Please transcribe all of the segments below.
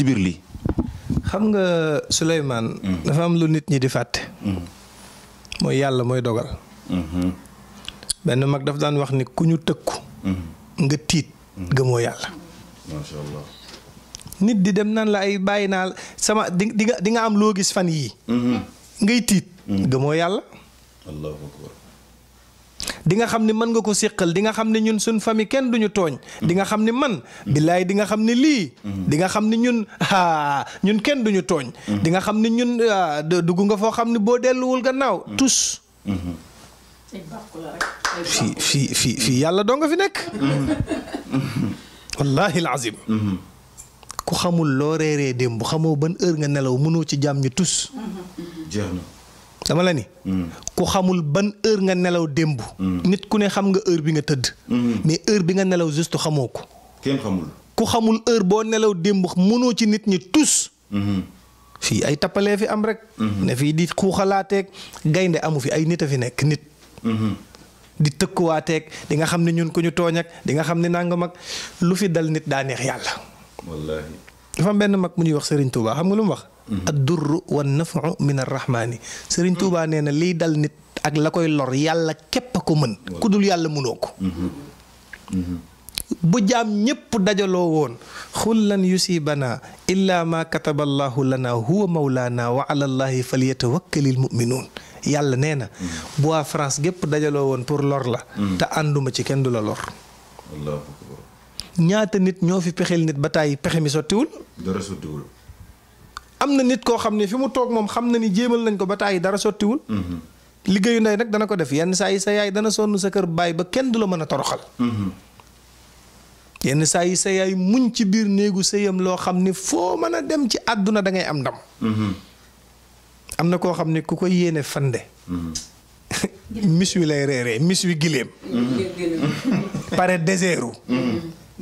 ci biir lii. xam nga Souleymane. Mm-hmm. dafa am lu nit ñi di fàtte. Mm-hmm. mooy yàlla mooy dogal. Mm-hmm. benn mag daf daan wax ni ku ñu tëkku. nga tiit gëmoo yàlla. nit di dem naan la ay bàyyi naa sama di di nga am loo gis fan yii. ngay tiit. gëmoo yàlla. di nga xam ni mën nga ko siqal di nga xam ni ñun suñ famille kenn duñu tooñ di nga xam ni man billaay di nga xam ni lii di nga xam ni ñun ñun kenn duñu tooñ di nga xam ni ñun ah, dugg nga foo xam ni boo delluwul gannaaw tus fii fi fii yàlla doo nga fi nekk wallahi alazim ku xamul loo reeree démb xamoo ban heure nga nelaw mënoo ci jàmm ñu tus dama la ni. Hmm. ku xamul ban heure nga nelaw démb. Hmm. nit ku ne xam nga heure bi nga tëdd. Hmm. mais heure bi nga nelaw juste xamoo ko. kenn ku xamul heure boo nelaw démb mënoo ci nit ñi tus. fii ay tappalee fi am rek. ne fii di xuuxalaateeg gaynde amu fi ay nit a fi nekk nit. di tëkkuwaateeg di nga xam ne ñun ku ñu tooñ ak di nga xam ne nangam lu fi dal nit daa neex yàlla. dafa am benn mag mu ñuy wax Serigne Touba xam nga lu mu wax. Mhm. ad durru wan nafu min arrahmaani. Serigne mhm. Touba nee na liy dal nit ak la koy lor yàlla képp a ko mën. ku dul yàlla munoo ko. Mhm. bu jaam ñépp dajaloo woon xul lan yusibanaa illaa maa kataba lana huwa mawlaana wa ala allahi falyatawakkalil muminuun yàlla nee na bu waa France gépp dajaloo woon pour lor la te ànduma ci kenn du lor ñaata nit ñoo fi pexeel nit ba tàyyi pexe mi sottiwul. dara am na nit koo xam ne fi mu toog moom xam na ni jéemal nañ ko ba tàyyi dara sottiwul. Mhm. liggéeyu ndey rek dana ko def yenn saa yi sa yaay dana sonn sa kër bàyyi ba kenn du mën a toroxal. Mhm. yenn yi sa yaay muñ ci biir néegu sëyam loo xam ne foo mën a dem ci àdduna da ngay am ndam. Mhm. am na koo xam ne ku ko yéene fande. mis wi lay reeree mis wi gileem. pare désertu.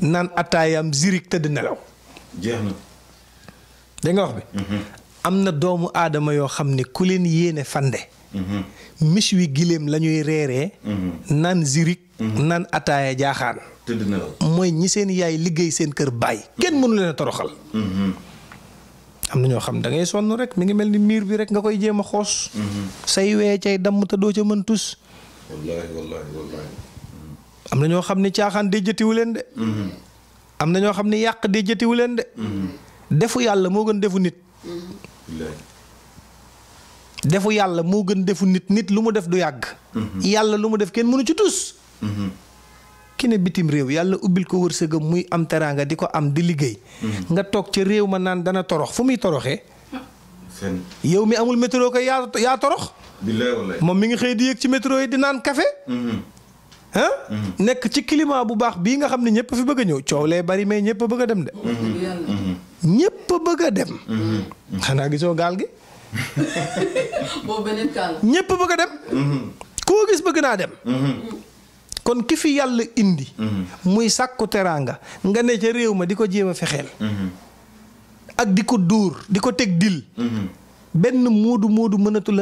naan attaayam zirik tëdd nelaw. jeex na. wax bi. Mhm. am na doomu aadama yoo xam ne ku leen yéene fande. Mhm. mis wi giléem lañuy reere mhm. naan zirik. naan ataaya jaaxaan. mooy ñi seen yaay liggéey seen kër baay. kenn mënu leen a toroxal. am na ñoo xam da ngay sonn rek mi ngi mel ni miir bi rek nga koy jéem a xoos. say wee cay damm te doo ca mën tus. am na ñoo xam ne caaxaan de jëtiwu leen de. Mm-hmm. am na ñoo xam ne yàq de jëtiwu leen de. Mm-hmm. defu yàlla moo gën defu nit. Mm-hmm. defu yàlla moo gën defu nit nit lu mu def du yàgg. yàlla lu mu def kenn mënu ci tus. ki ne bitim réew yàlla ubbil ko wërsëgam muy am teraanga di ko am di liggéey. nga toog ca réew ma naan dana torox fu muy toroxee. yow mi amul métro ko yaa yaa torox. moom mi ngi xëy di yéeg ci métro yi di naan café. Mhm. nekk ci climat bu baax bii nga xam ne ñëpp fi bëgg ñëw coow lee bari mais ñëpp a bëgg a dem de mhm. mhm. ñëpp a bëgg a dem xanaa gisoo gaal gi ñëpp bëgg a dem koo gis bëgg naa dem kon ki fi yàlla indi muy sàkku teraanga nga ne ca réew ma di ko jéem a fexeel ak di ko dóor di ko teg dil benn moodu moodu mënatu